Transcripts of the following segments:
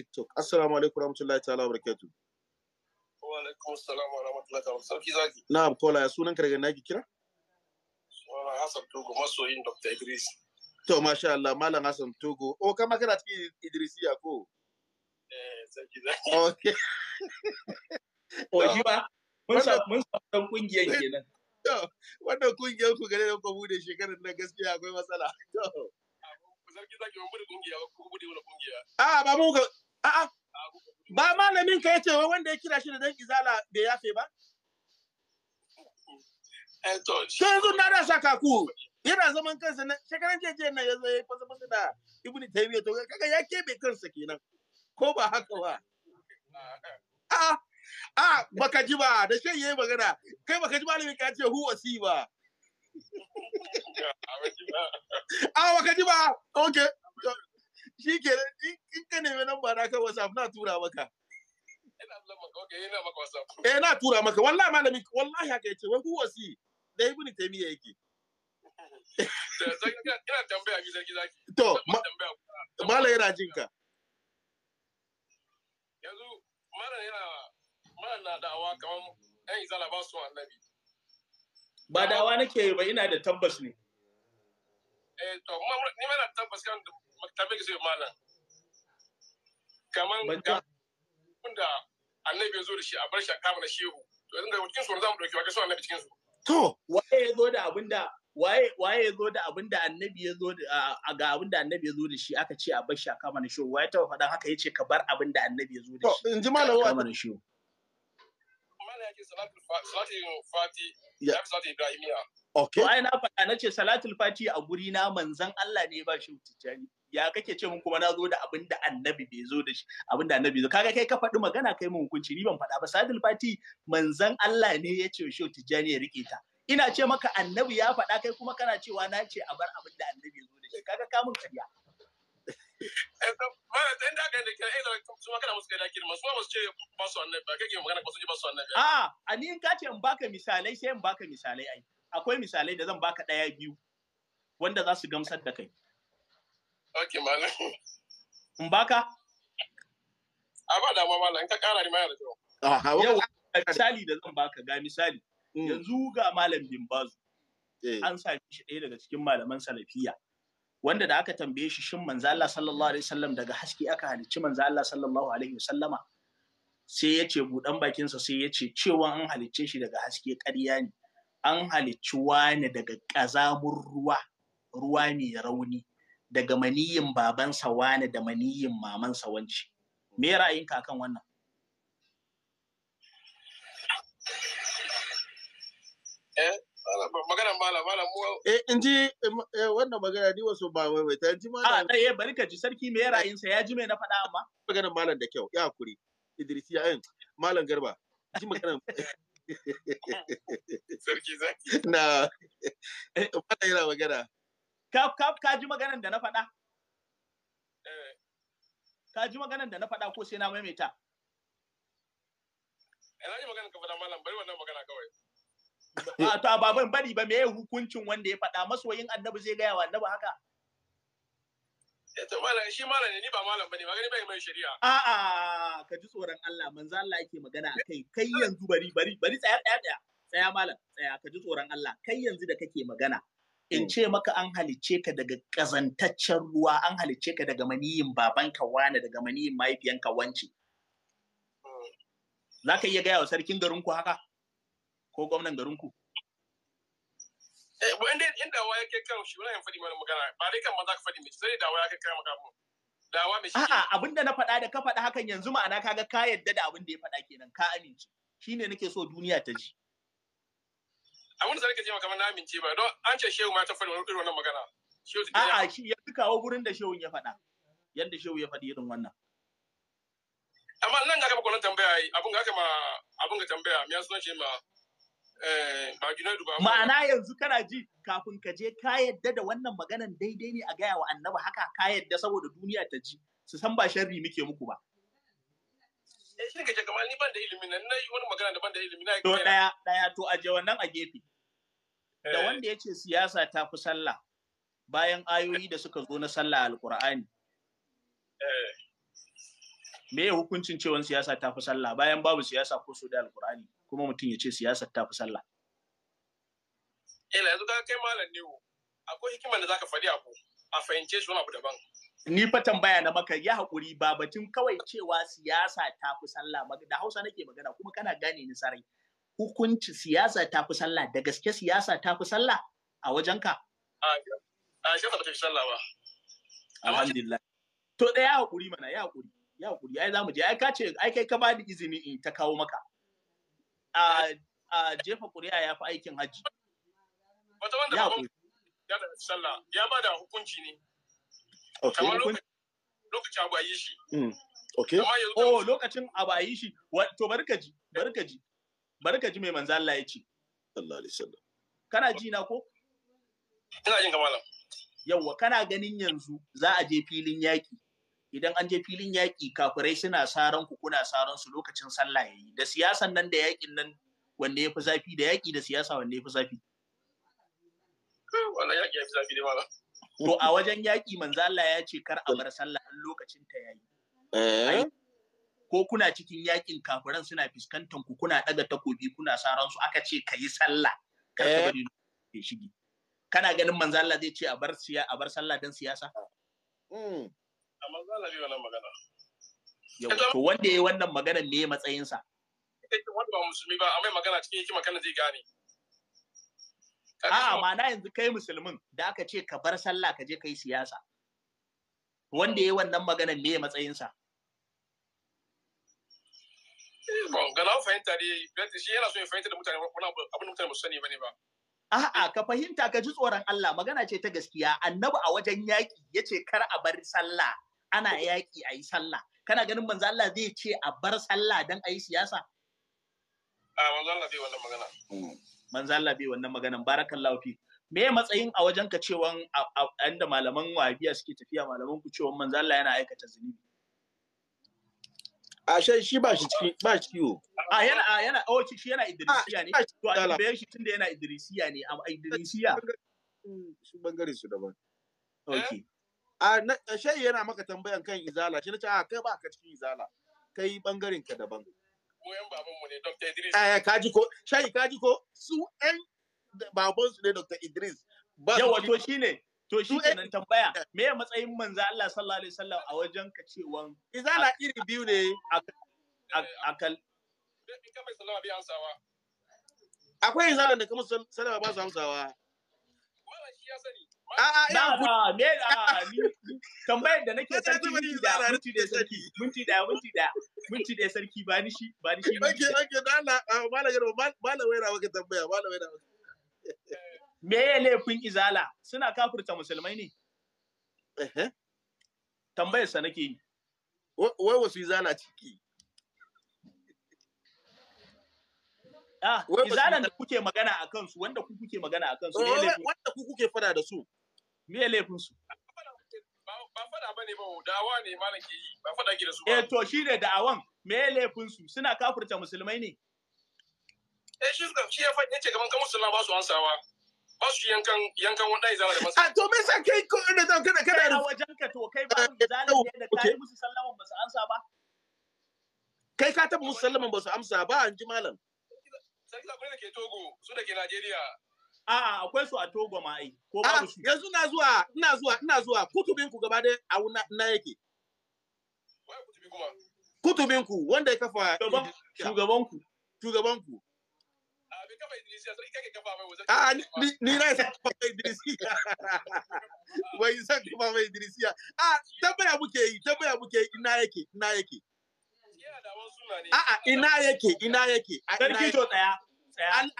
TikTok. Assalamu alaikum warahmatullahi ta'ala barakatu. Wa alaikum assalam wa rahmatullahi ta'ala. Sarki zaki. Na'am kola ya sunan ka daga naki kira? Sunan Hassan Togo masoyin Dr. Idris. To masha Allah Malam Hassan Togo. O kama kana cikin Idrisiya ko? Eh sarki zaki. Okay. O shi ba mun sa mun sa dan kungiyan kenan. To wannan kungiyan ku gare da ku bude shekarar nan gaskiya akwai matsala. To. sarki zaki ban bude kungiya ko bude wani kungiya. A ba mu ka A'a, ba malamin ka yace wai wanda ya kira shi da dan izala bai yafe ba? Sai eh, yanzu na da ku. yana zaman kansa na shekaran jeje na yazo ya fasa fasa da Ibn Taymiyyah to kaga ya kebe kansa kenan. Ko ba haka ba? A'a, a baka ji ba da shan yayi magana kai baka ji malamin ka ce hu wasi ba. A baka ji ba. Okay. shi ke in ka nemi nan ba na kan whatsapp na tura maka eh na tura maka wallahi malami wallahi haka yace wai who was da ibn taymiya yake to malai yana jin ka yanzu malai yana malai na da'awa kaman ɗan izala ba su annabi ba da'awa nake yi ba ina da tabbas ne eh to ni mana tabbas kan tabe ki malam kaman ga wanda annabi ya zo da shi a bar shi a kama na shehu to yanzu daga cikin su za mu ɗauki wa kasu annabi cikin su to waye ya zo da abinda waye waye ya zo da abinda annabi ya zo da ga abinda annabi ya zo da shi aka ce a bar shi a kama na shehu waye ta faɗa haka yace ka bar abinda annabi ya zo da shi to in ji wa. kama na shehu malam ya salatul fati ya fi salatul ibrahimiya Ok. wa ai na faɗa na ce salatul fati a guri na manzan Allah ne ba shi tijjani. ya kake ce mun kuma na zo da abin da annabi bai zo da shi abin da annabi zo kaga kai ka faɗi magana kai mun hukunci ni ban faɗa ba sadil fati manzan Allah ne ya ce shi tijjani ya rike ta ina ce maka annabi ya faɗa kai kuma kana cewa na ce a bar abin da annabi zo da shi kaga ka mun kariya eh, eh, A'a, a ni in ka ce in baka misalai sai in baka misalai ai. Akwai misalai da zan baka ɗaya biyu wanda za su gamsar da kai. Ok, malam. Mbaka? baka? A ba malam, ka kara ni ma ah, Yau, misali da zan baka ga misali. Mm. Yanzu ga malam Bimbazu. Eh. An sa shi ɗaya daga cikin malaman salafiya. Wanda da aka tambaye shi shin manzo Allah sallallahu alaihi wasallam daga haske aka halicci manzo Allah sallallahu alaihi wasallama. Sai ya ce buɗan bakinsa sai ya ce cewa an halicce shi daga haske ƙarya ne. An halicci wani daga ƙazamin ruwa, ruwa mai rauni. daga maniyin babansa wani da maniyin mamansa wanci. Me ra'ayinka kan wannan? Eh, magana mala mala mu eh in ji eh, wannan magana ni wasu ba mai ta ji mala. a ah, eh, eh bari ka ji sarki me ra'ayin sa ya ji me na faɗa amma magana malam da kyau ya kuri, Idris ya yin malam Garba ji magana sarki zaki na malam yana magana ka ji maganan da na faɗa? Eh. Ka ji maganan da na faɗa ko sai na maimaita? Ina eh, ji maganan ka faɗa malam bari wannan magana kawai. A ah, to baban bari ba meye hukuncin wanda ya faɗa masoyin annabi zai gaya wa annabi haka? Eto eh, malam shi malam ne ni ba malam bane magani bai mai shari'a. A'a ka ji tsoron Allah manzo Allah yake magana akai kai yanzu bari bari bari tsaya tsaya tsaya tsaya malam tsaya ka ji tsoron Allah kai yanzu da kake magana in mm. ce maka an halicce ka daga ƙazantaccen ruwa an halicce ka daga maniyin babanka wane daga maniyin mahaifiyanka wance mm. za ka iya gaya wa sarkin garinku haka ko gwamnan garinku eh, inda inda wa ke kan shi wani faɗi mana magana ba dai kan maza ka faɗi mai sai dawa ya kai kan dawa mai shi a'a abinda na faɗa da ka faɗa hakan yanzu ma'ana kaga ka yadda da abin da ya faɗa kenan ka amince shine nake so duniya ta ji a wani zalika ce kamar na amince ba don an ce shehu ma ta faɗi wani irin wannan magana a'a shi ya fi kawo gurin da shehun ya faɗa yadda shehu ya faɗi irin wannan amma nan ga gaba kwanan tambaya abin ga ma abin ga tambaya me yasa ce ma eh, ba Junaidu ba ma'ana yanzu kana ji kafin ka je ka yadda da wannan maganan daidai ne a gaya wa Annaba. haka ka yadda saboda duniya ta ji su san ba sharri muke muku ba eh shi ne kace kamar ni ban da ilimi nan nayi wani magana da ban da ilimi na to daya daya to aje wannan a gefe da eh. wanda ya ce siyasa ta fi sallah bayan ayoyi da suka zo na sallah alkur'ani eh. me ya hukuncin cewa siyasa ta fi sallah bayan babu siyasa ko su da alkur'ani kuma mutum ya ce siyasa ta fi sallah ila yanzu ka kai malam ne akwai hikima da zaka faɗi abu a fahimce shi wani abu daban ni fa tambaya na maka ya haƙuri ba batun kawai cewa siyasa ta fi sallah da hausa nake magana kuma kana gane ni sarai hukunci siyasa ta fi sallah da gaske siyasa ta fi sallah a wajenka? A shi ba ta fi sallah ba. Alhamdulillah. To ɗaya ya haƙuri mana ya haƙuri. Ya haƙuri ai za mu je ai ka ce ai kai ka ba da izini in ta kawo maka. A jefa ƙuri'a ya fi aikin hajji. Wata wanda ba ya da sallah ya ba da hukunci ne. Hmm, oh, kamar lokacin abu a yi shi. Okay. Oh lokacin abu a yi shi. To bari ka ji, bari ka ji. bari ka ji mai manzo Allah ya ce sallallahu alaihi wasallam kana ji na ko ina jin ka malam yawwa kana ganin yanzu za a je filin yaki idan an je filin yaki kafirai suna saran ku kuna saran su lokacin sallah yayi da siyasan nan da yakin nan wanda yafi zafi da yaki da siyasa wanda yafi zafi wannan yaki yafi zafi da malam to a wajen yaki manzo Allah ya ce kar a bar sallah lokacin ta yayi eh? ko kuna cikin yakin kafiran suna fuskantar ku kuna daga takobi kuna saran su aka ce kayi sallah kar ka eh. bari shige kana ganin manzo Allah zai ce a bar siya a bar sallah dan siyasa mm a manzo Allah bai wannan magana yau to wanda yayi wannan magana me matsayin sa wanda ba musulmi ba amma magana cikin hikima kana zai gane a'a ma'ana yanzu kai musulmin da aka ce ka bar sallah ka je kai siyasa wanda yayi wannan magana me matsayin sa Bon, ga na fahimta dai, shi yana so ya fahimta da mutane abin da mutane ba sani bane ba. A'a, ka fahimta ka ji tsoron Allah, magana ce ta gaskiya. Annabi a wajen yaƙi ya ce kar a bar sallah, ana yaƙi a yi sallah. Kana ganin manzo Allah zai ce a bar sallah don a yi siyasa? A manzo Allah bai wannan magana. Hmm. Manzo Allah bai wannan maganan, barakallahu fi. Me matsayin a wajen ka cewa inda malaman wahabiya suke tafiya malaman ku cewa manzo Allah yana aikata zunubi? a shan shi ba shi ciki ba shi kiwo a yana a yana oh shi yana idrisiya ah, ne to a tambayar shi tun da yana idrisiya ne a idrisiya shi bangare su daban eh? okay a na yana maka tambayan kan izala shi nace a ah, kai ba ka cikin izala kai bangaren ka daban goyen baban mu ne Dr. Idris eh kaji ko shi kaji ko su ɗan baban su ne Dr. Idris yawa to shine To shi kenan tambaya me ya matsayin manzo Allah sallallahu alaihi wasallam a wajen ka cewan izala iri biyu ne akal akwai izala da kuma sallama ba su amsawa A'a, ina ne a tambayar da nake sarki minti da minti da sarki minti da minti da minti da sarki ba ni shi ba ni shi. Ake ake da Allah ah, malam yaro malam waira waka tambaya malam waira waka. me ya laifin izala suna kafirta musulmai ne tambayar sa nake yi wai wasu izala ciki Ah, izalan da kuke magana a kansu, wanda ku kuke magana a kansu, me laifin? Wanda ku kuke fada da su? Me ya laifin su? Ba fada ba ne ba, dawa ne malam ke yi, ba fada ki da su ba. Eh to shi ne da'awan, me ya laifin su? Suna kafirta musulmai ne? Eh shi ya faɗi ce gaban kan musulma ba su ansawa. ba su yankan yankan zama da masa. A to me kai ko da zan kana kana da wajen ka to kai ba mu da da kai musu ba su amsa ba. Kai ka taba musu sallama ba su amsa ba an ji malam. Sai ke Togo su da ke Najeriya. A'a akwai su a Togo ma ai ko su. Yanzu na zuwa ina zuwa ina zuwa kutubin ku gaba da a na yake. Kutubin ku wanda ya kafa shugaban ku. Shugaban ku. kafa Idrisiya sarki kake kafa mai wazar. A ah, ni na san kafa mai Idrisiya. Wai san kafa mai Idrisiya. A ah, tabbaya muke yi, tabbaya muke yi ina yake, ina yake. A'a ina yake, ina yake. Sarki to tsaya.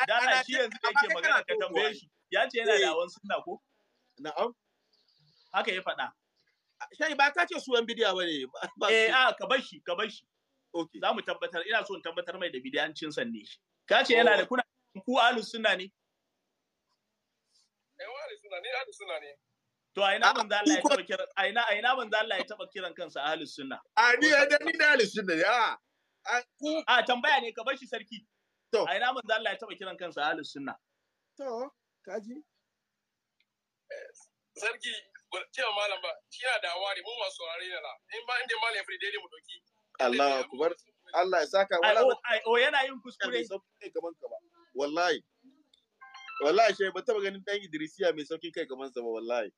Dana shi yanzu yake magana ka tambaye shi. Ya ce yana da eh. wani suna ko? Na'am. Haka ya faɗa. Ah, Shai ba ka ce su yan bidiya ba ne. Eh a ka bar shi, ka bar shi. Za mu tabbatar, ina so in tabbatar mai da bidiyancin sanne shi. Ka ce yana oh. da kuna ku ahlus sunna ne To a ina ban ah, manzo Allah ya taba kiran a ina a ina ban manzo Allah ya taba kiran kansa ahlus sunna. A ni da ni da ahlus sunna ne ah. a. A tambaya ne ka bar shi sarki. To a ina ban manzo Allah ya taba kiran kansa ahlus sunna. To kaji. Sarki cewa malam ba shi yana da awari mu masu saurare ne la in ba inda malam ya firi mu doki. Allah akbar. Allah ya saka wala. O yana yin kuskure. Kaman ka ba. wallahi wallahi shi ban taba ganin dan Idrisiya mai saukin kai kamar sa ba wallahi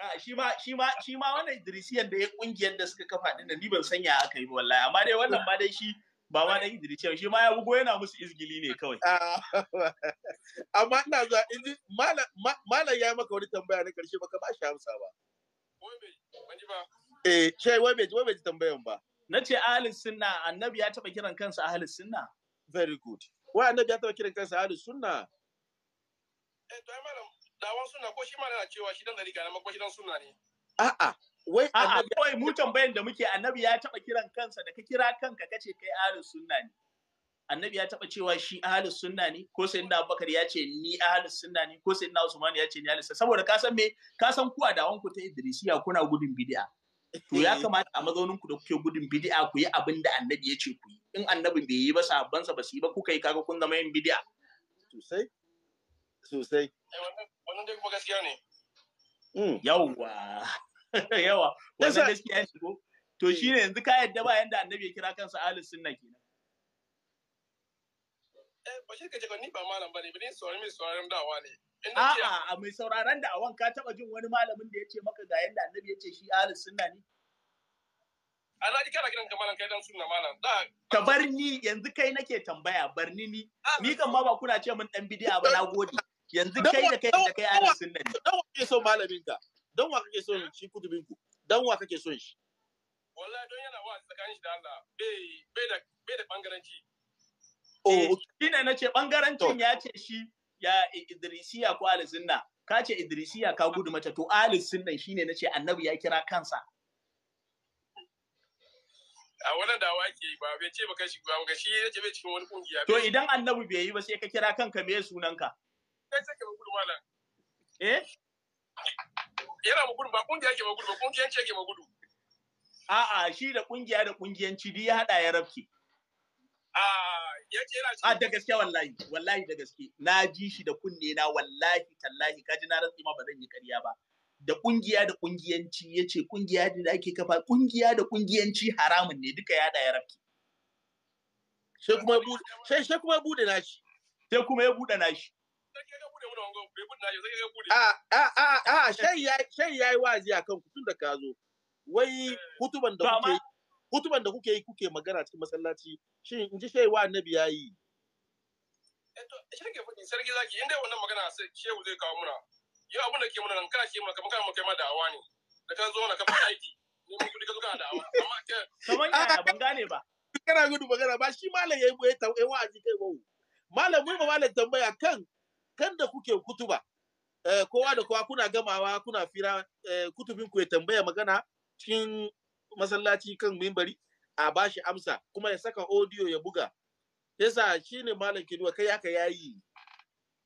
ah, shi ma shi ma shi ma wannan Idrisiyan da ya kungiyar da suka kafa din ni ban sanya aka yi wallahi amma dai wannan ba dai shi ba ma dan Idrisiya shi ma ya bugo yana musu izgili ne kawai ah, amma ina zuwa in malam malam ya maka wani tambaya na karshe baka ba shi amsa ba eh shai wai bai wai bai tambayan ba nace ahlus sunna annabi ya taba kiran kansa ahlus sunna very good wa annabi ya taba kiran kansa ahlus sunna eh to malam dawon sunna ko shi ma cewa shi dan na ma ko shi dan sunna ne a'a wai annabi kawai mu tambayan da muke annabi ya taba kiran kansa da ka kira kanka kace kai ahlus sunna ne annabi ya taba cewa shi ahlus sunna ne ko sai inda abubakar ya ce ni ahlus sunna ne ko sai inda usman ya ce ni ahlus saboda ka san me ka san ku a dawon ku ta idrisiya kuna gudun bid'a to ya eh. kamata a mazaunin ku da kuke gudun bid'a ku yi abin da annabi ya ce ku yi in annabin bai yi ba sa ba su yi ba kuka yi kaga kun zama yin bid'a sosai sosai eh, wannan dai kuma gaskiya ne hmm. yawa yawa wannan gaskiya ne ko to hmm. shine yanzu ka yadda ba yanda annabi ya kira kansa ahlus sunna kenan Eh, Bashir ka ni ba malam bane, ba ni saurari mai sauraron dawa ne. A'a, mai sauraron da'awan ka taba jin wani malamin da ya ce maka ga yadda annabi ya ce shi ahlus sunna ne? A na ji kana kiran ka malam kai dan sunna malam. Ta bar ni yanzu kai nake tambaya bar ni ni. Ah, ni kan ma ba kuna ce min dan bidiya ba na gode. Yanzu kai da kai da kai ahlus sunna ne. Dan wa kake so malamin ka? Dan wa kake so shi kudubin ku? Dan wa kake so shi? Wallahi don yana wa tsakanin shi da Allah. Bai bai da bai da bangaranci. Oh, eh, shine na ce ɓangarancin ya ce shi ya Idrisiya ko Alisunna. Ka ce Idrisiya ka gudu mata to Alisunna ne na ce Annabi ya kira kansa. A wani da wake ba bai ce ba shi ba ga shi ya ce bai cikin wani kungiya. To idan Annabi bai yi ba sai ka kira kanka me sunanka? Kai sai ka gudu malam. Eh? Yana magudu ba kungiya ke magudu ba ke yake magudu. A'a shi da kungiya da kungiyanci duk ya hada ya rafke. A'a ah, a ah, da gaske wallahi wallahi da gaske na ji shi da kunne na wallahi tallahi ka ji na rantsi ma ba zan yi ƙarya ba da kungiya da kungiyanci ya ce kungiya da ake kafa kungiya da kungiyanci haramun ne duka ya ya rafi sai kuma sai sai kuma bude nashi sai kuma ya bude nashi a a a a shai yayi wazi akan kutun da ka zo wai kutuban eh. da kuke hutuban da kuke yi kuke magana cikin masallaci shi in ji shewa annabi ya yi eh, sarki zaki inda wannan magana sai shehu zai kawo muna yau abin da ke muna nan kana ke muna kamar kana kai ma da'awa ne da ka zo na fara aiki ne mun kudi ka zo kana da'awa amma kamar yaya ban gane ba kana gudu magana ba shi malam yayi boye ta yayi wa'azi kai bawo malam mun ba malam tambaya kan kan da kuke kutuba eh, kowa da kowa kuna gamawa kuna fira eh, kutubin ku ya tambaya magana cikin masallaci kan mimbari a bashi amsa kuma ya saka audio ya buga yasa shine malam kiduwa kai haka yayi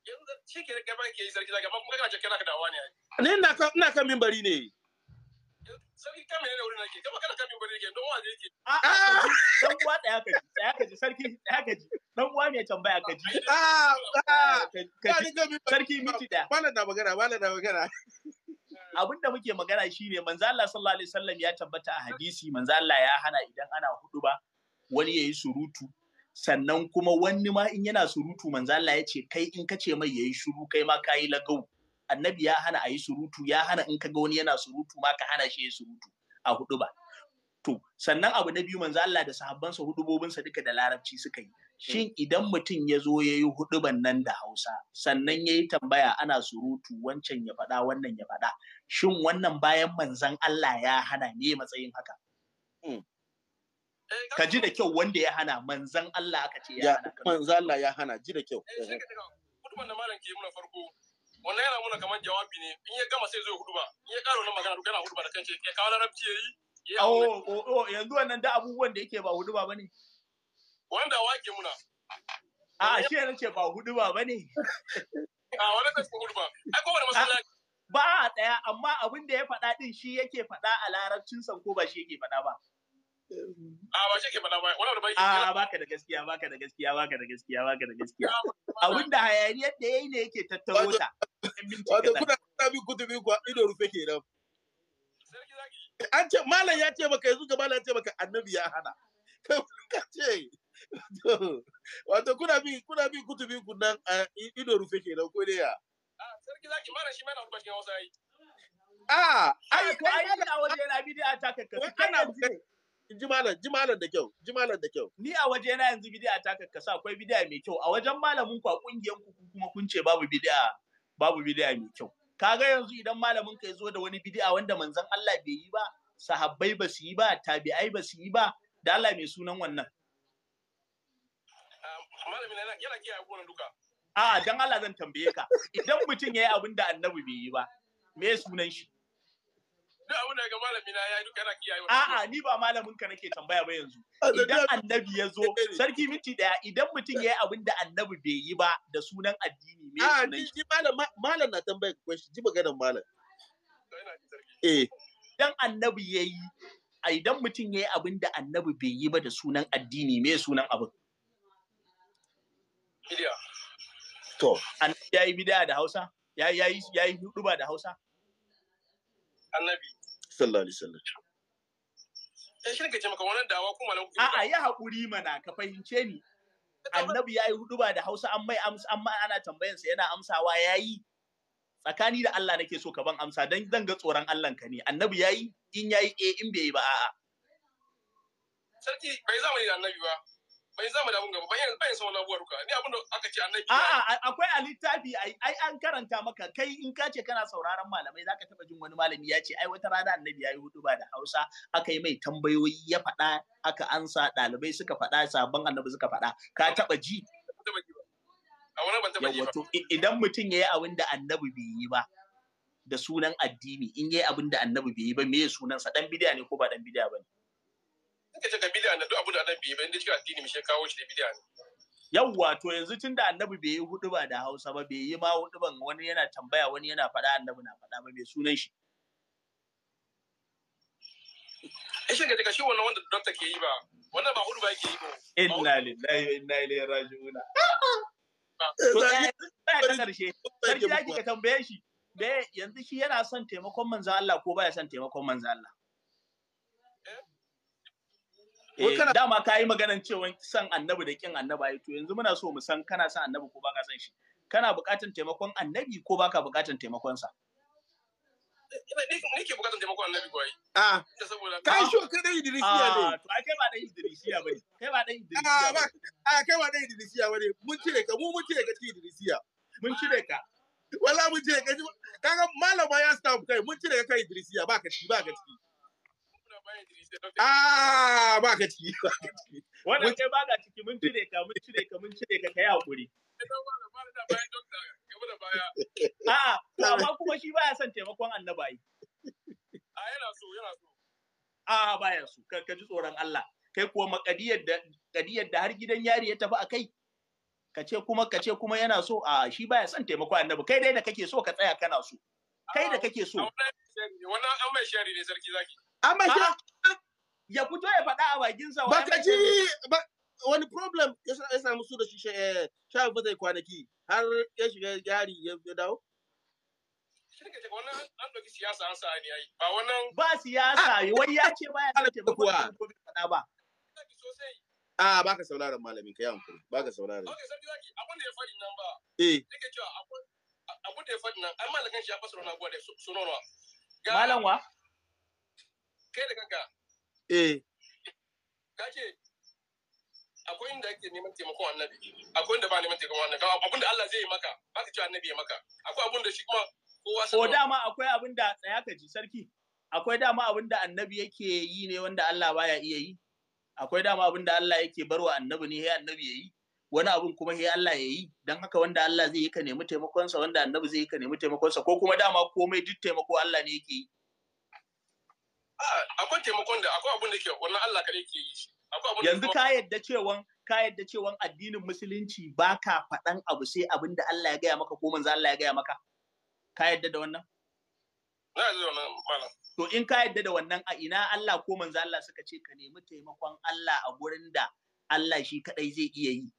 yanzu shi ke gaba ke yi sarki zaka kuma kana kana dawa ne ne ina kan ina kan mimbari ne sarki kan menene wurin nake kuma kana kan mimbari ne don waje yake a a ah! dan uwa da haka ji da haka ji sarki da haka ji dan uwa ne tambaya ka ji a ah! a ah! ka ji sarki miti da malam da magana malam da magana abin da muke magana shine manzo Allah sallallahu alaihi wasallam ya tabbata a hadisi manzo Allah ya hana idan ana hudu ba wani yayi surutu sannan kuma wani ma in yana surutu manzo Allah ya ce kai in kace mai yayi shiru kai ma kayi lagau annabi ya hana ayi surutu ya hana in kaga wani yana surutu ma ka hana shi yayi surutu a hudu ba to sannan abu na biyu manzo Allah da sahabbansa hudubobinsa duka da larabci suka yi shin mm. idan mutum ya zo ya yi huduban nan da Hausa sannan ya yi tambaya ana surutu wancan ya faɗa wannan ya faɗa shin wannan bayan Manzan Allah ya hana ne matsayin haka mm. eh, ka ji da kyau wanda ya hana Manzan Allah aka ce ya hana manzon Allah ya hana ji da kyau eh, eh, huduban da malam ke muna farko wannan yana muna kamar jawabi ne in ya gama sai zo huduba in ya ƙara wannan magana duk yana huduba da kanshi ya kawo larabci yayi Oh, oh, oh, yanzu wannan da abubuwan da yake ba hudu ba ne. wanda wake muna a shi yana ce ba hudu ba ne. a wani kasu hudu ba ai kowane ba a ɗaya, amma abin da ya faɗa ɗin shi yake faɗa a larabcin san ko ba shi yake faɗa ba a ba shi yake faɗa ba wani ba a baka da gaskiya baka da gaskiya baka da gaskiya baka da gaskiya abin da hayaniyar da yayi ne yake tattaro ta wato kuna tabi kutubi kuwa ido rufe kenan sarki zaki an ce malam ya ce maka yanzu ga ya ce maka annabi ya hana ka ce wato kuna bi kuna bi kutubin ku ido rufe kenan ko ne ya ah, sarki zaki malam shi a ah, ai kai da waje na bidiya ta kakkasa kana jimalan jimalan da kyau malam da kyau ni a waje na yanzu bidiya ta kakkasa akwai bidiya mai kyau a wajen malamin ku a kungiyan ku kuma kun ce babu bidiya babu bidiya mai kyau kaga yanzu idan malamin ka zo da wani bid'a wanda manzon Allah bai yi ba sahabbai ba su yi ba tabi'ai ba su yi ba da Allah mai sunan wannan ah, a dan Allah zan tambaye ka idan mutum ya yi abin da annabi bai yi ba me sunan shi duk abin da ga malami na yayi duka na kiyaye a'a ni ba malamin ka nake tambaya ba yanzu ah, idan annabi ya zo eh, sarki minti daya idan mutum yayi abin da annabi bai yi ba da sunan addini me ah, sunan a'a ji malam malam na tambaya ka question ji maganar malam eh idan annabi yayi a idan mutum yayi abin da annabi bai yi ba da sunan addini me sunan abin bidiya to annabi yayi bidiya da Hausa yayi yayi yayi hudu da Hausa annabi sallallahu alaihi wasallam eh, shi maka wannan dawa a a ya hakuri mana ka fahimce ni. Annabi yayi yi huduba da Hausa an mai amsa amma ana tambayan sa yana amsawa yayi yi. Tsakani da Allah nake so ka ban amsa dan zan ga tsoron Allah ka ne. Annabi yayi in yayi eh in bai yi ba a'a. Sarki bai zamani da annabi ba. bai zama da abun gaba bai bai son wannan abubuwa duka ni abin da aka ce annabi a'a akwai a littafi ai ai an karanta maka kai in ka ce kana sauraron malamai zaka taba jin wani malami ya ce ai wata rana annabi yayi huduba da Hausa aka yi mai tambayoyi ya faɗa aka ansa ɗalibai suka faɗa sabon annabi suka faɗa ka taba ji idan mutum yayi abin da annabi bai yi ba da sunan addini in yayi abin da annabi bai yi ba me sunansa sa dan bidiya ne ko ba dan bidiya ne? kake ga bid'a duk abin da annabi bai inda cikin addini kawo shi da bid'a yawwa to yanzu da annabi bai yi hudu da Hausa ba bai yi ma hudu wani yana tambaya wani yana faɗa annabi na faɗa ba mai sunan shi yanzu shi yana son taimakon manzan Allah ko baya son taimakon manzan Allah. Eh, dama ka yi maganan cewa san annabi da kin annabi to yanzu muna so mu san kana san annabi ko baka san shi kana buƙatar taimakon annabi ko baka buƙatar taimakon sa nake buƙatar taimakon annabi ko ai ah. a ah. kai sho kai dai idrisiya ne ah, to ai kai ba dan idrisiya bane kai ba dan idrisiya bane a kai ba dan idrisiya bane mun cire ka mu mun cire ka cikin idrisiya mun cire ka wala mun cire ka kaga malama ya staff kai mun cire ka kai idrisiya baka ci ka ciki Ah, ba ka ciki, ba ka ciki. Wannan kai ba ka ciki, mun cire ka, mun cire ka, mun cire ka, ka yi haƙuri. A'a, amma kuma shi baya son taimakon annabayi. A ah, yana so, yana so. A baya so, ka ji tsoron Allah. Kai kuwa makadiyar da kadiyar da har gidan yari ya tafi a kai. Ka ce kuma ka ce kuma yana so a shi baya son taimakon annabi. Kai dai da kake so ka tsaya kana so. Kai da kake so. Wannan an mai shari ne sarki zaki. Amma ya fito ya faɗa a bakinsa wa. Baka ji wani problem ya samu su da shi shafin fatai eh, kwanaki har ya shiga gyari ya dawo? Ba siyasa, ah, wai ya ce ba ya ce ah, ba faɗa Ba. A ah, ba ka sauraron malamin ka yawan ba ka sauraron. Ok, sarki zaki, abin da ya faɗi nan ba. Eh. Nake cewa abin da ya faɗi nan, an malakan shi ya fasara na gwada sonorwa. Malam wa? kai da kanka eh kace akwai inda ake neman taimakon annabi akwai inda ba neman taimakon annabi abinda Allah zai yi maka ba ka ce annabi ya maka akwai abin da shi kuma kowa ko dama akwai abinda tsaya ka ji sarki akwai dama abinda annabi yake yi ne wanda Allah baya iya yi akwai dama abinda Allah yake barwa annabi ne sai annabi ya yi wani abun kuma sai Allah ya yi Don haka wanda Allah zai yi ka nemi taimakonsa wanda annabi zai yi ka nemi taimakonsa ko kuma dama komai duk taimako Allah ne yake yi Ah, akwai taimakon da akwai abin da ke wannan Allah kare ke yi shi yanzu ka yadda cewan ka yadda cewan addinin musulunci ba ka faɗan abu sai abin da Allah ya gaya maka ko manzo Allah ya gaya maka ka yadda da wannan na yadda da wannan malam to in ka yadda da wannan a ina Allah ko manzo Allah suka ce ka nemi taimakon Allah a gurin da Allah shi kadai zai iya yi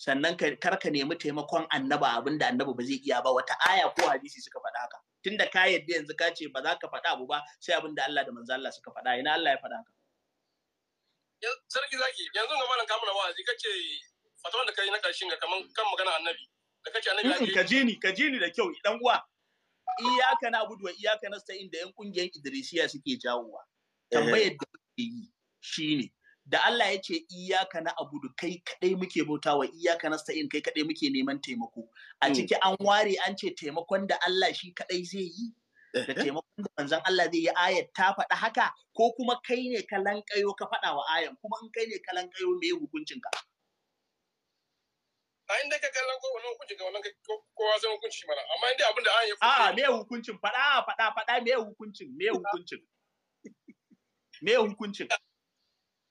sannan kar ka nemi taimakon annaba abin da annaba ba zai iya ba wata aya ko hadisi suka faɗa haka tunda ka yadda yanzu ka ce ba za ka faɗa abu ba sai abin da Allah da manzo Allah suka faɗa ina Allah ya faɗa ka sarki zaki yanzu ga malam kamuna wa'azi kace fatawan da kai na karshen ga kaman kan magana annabi da kace annabi mm, ka ji ni ka ji ni da kyau dan uwa iyaka na abudu wa iyaka nasta'in da yan kungiyar Idrisiya suke jawowa eh. tambayar da kake yi shine da Allah ya ce iyaka na abudu kai kadai muke bautawa iyaka na sa'in kai kadai muke neman taimako a hmm. ciki an ware an ce taimakon da Allah shi kadai zai yi da taimakon da manzon Allah zai yi ayat ta faɗa haka ko kuma kai ne ka lankayo ka faɗa wa ayan kuma in kai ne ka lankayo me hukuncin ka a inda ka kallon ko wannan hukunci ga wannan kowa zai hukunci mana amma inda abin da an ya a me hukuncin faɗa faɗa faɗa me hukuncin me hukuncin me hukuncin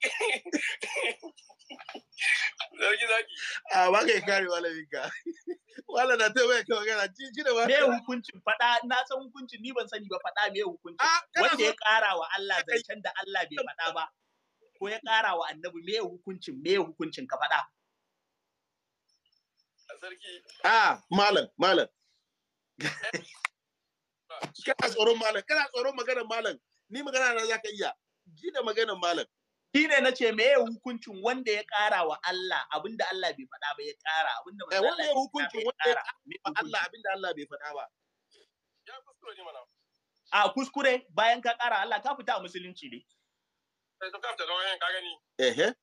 Zauki ba ka kare malamin ka. Wala na ta baya kawai gana ci ci da ba. Me hukuncin faɗa na san hukuncin ni ban sani ba faɗa me hukuncin. Wanda ya ƙara wa Allah zancen da Allah bai faɗa ba. Ko ya ƙara wa annabi me hukuncin me hukuncin ka faɗa. Sarki. A malam malam. Kana tsoron malam kana tsoron maganar malam ni magana na za ka iya. Ji da maganar malam. shi ne na ce meye hukuncin wanda ya kara wa Allah abinda Allah bai faɗa ba ya ƙara abinda manzo eh, Allah ya hukuncin wanda ya ƙara Allah abinda Allah bai faɗa ba ya kuskure ne mana a kuskure bayan ka ƙara Allah ka fita a musulunci ne sai eh, to ka fita don ka gani eh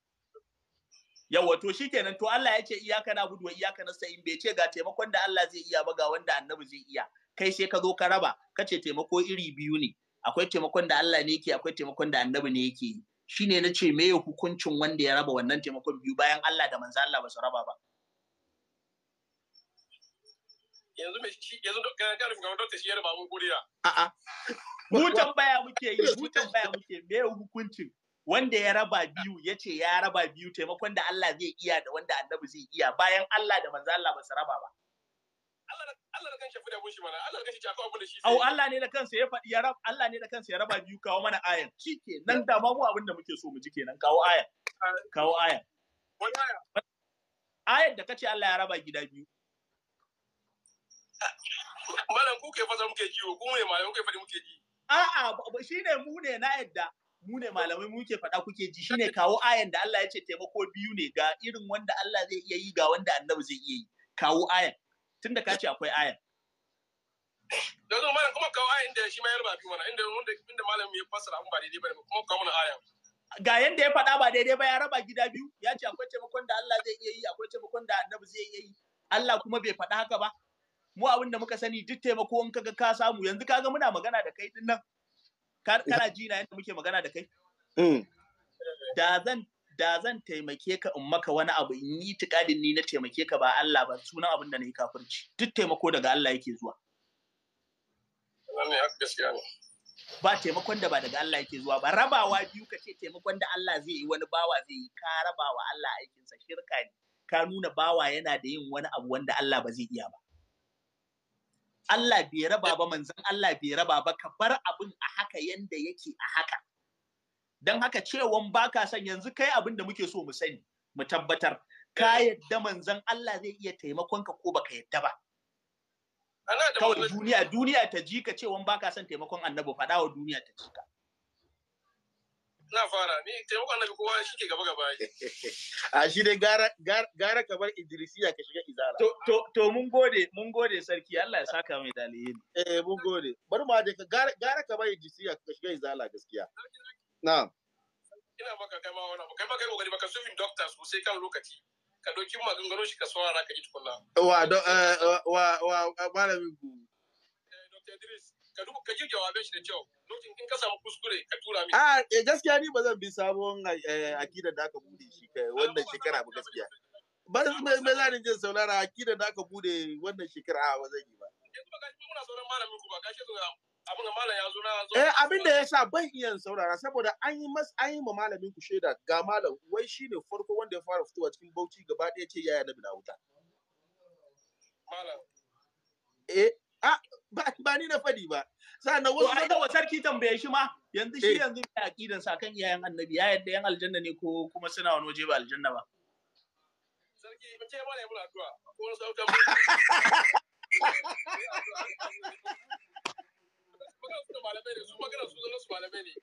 yawa to shikenan to Allah ya ce iyaka na budu wa iyaka na sa'in bai ce ga taimakon da Allah zai iya ba ga wanda annabi zai iya kai sai ka zo ka raba kace taimako iri biyu ne akwai taimakon da Allah ne yake akwai taimakon da annabi ne yake yi Shi ne na ce ya hukuncin wanda ya raba wannan taimakon biyu bayan Allah da manzo Allah ba su raba ba yanzu me shi yanzu ga ga wanda shi ya raba mun a'a muke yi mutan baya muke ya hukuncin wanda ya raba biyu ya ce ya raba biyu taimakon da Allah zai iya da wanda annabi zai iya bayan Allah da manzo Allah ba su raba ba Allah da kanshi fada mushi mana Allah da kanshi ta kawo abin da shi au Allah ne da kansa ya faɗi ya raba Allah ne da kansa ya raba biyu kawo mana ayan shike nan da ma mu abin da muke so mu ji kenan kawo ayan kawo ayan wani aya da kace Allah ya raba gida biyu malam ku ke fasa muke jiwo ku ne malamai kuke fadi muke ji a'a shine mu ne na yadda mu ne malamai muke faɗa kuke ji shine kawo ayan da Allah ya ce taimako biyu ne ga irin wanda Allah zai iya yi ga wanda annabi zai iya yi kawo ayan tunda ka ce akwai aya da malam kuma kawo ayan da shi ma yarba fi mana inda wanda inda malam ya fasara abun ba daidai bane kuma kawo mana aya ga yanda ya faɗa ba daidai ba ya raba gida biyu ya ce akwai taimakon da Allah zai iya yi akwai taimakon da Annabi zai iya yi Allah kuma bai faɗa haka ba mu abin da muka sani duk taimako in kaga ka samu yanzu kaga muna magana da kai din nan kana ji na yanda muke magana da kai mm. da zan da zan taimake ka in maka wani abu in yi tikadin ni na taimake ka ba Allah ba sunan abin da na yi kafirci duk taimako daga Allah yake zuwa ba taimakon da ba daga Allah yake zuwa ba rabawa biyu ka ce taimakon da Allah zai yi wani bawa zai yi ka rabawa Allah aikinsa shirka ne ka nuna bawa yana da yin wani abu wanda Allah ba zai iya ba Allah bai raba ba manzon Allah bai raba ba ka bar abin a haka yanda yake a haka don haka cewon baka son yanzu kai abin da muke so mu sani mu tabbatar ka eh. yadda manzon Allah zai iya taimakon ka ko baka yadda ba kawai duniya duniya ta ji ka cewon baka son taimakon annabi faɗa wa duniya ta ji ka na fara ni taimakon annabi kowa shi ke gaba gaba a shi dai gara gara ka bar idrisiya ka shiga izala to to to mun gode mun gode sarki Allah ya saka mai dalili eh mun gode bari mu aje ka gara kamar ka bar idrisiya ka shiga izala gaskiya na'am ina maka kai ma wani abu kai ma kai kokari baka sufin ko sai kan lokaci ka ɗauki maganganun shi ka saurara ka ji tukunna. Wa eh, wa wa malamin ku. Eh, Dr. Idris ka duba ka ji jawabin shi da kyau. Lokacin in ka samu kuskure ka tura min. Ah eh, gaskiya ni ba zan bi sabon akidar da aka bude shi kai wannan shekara ba gaskiya. Ba zan mai zanin jin saurara akidar da aka bude wannan shekara ah, ba zan yi ba. Yanzu ba gashi muna sauran malamin ku ba gashi zuwa Eh abin da ya sa ban iya saurara saboda an yi mas an yi ma malamin ku shaida ga malam wai shine farko wanda ya fara fitowa cikin Bauchi gaba daya ce yaya Nabi na wuta. Malam. Eh a ba, ni na fadi ba. Sannan wasu ai da sarki tambaye shi ma yanzu shi eh. yanzu ya aqidan sa kan iyayen Annabi ya yadda yan aljanna ne ko kuma suna wani waje ba aljanna ba. Sarki bula ko malamai ne su magana su zama su malamai ne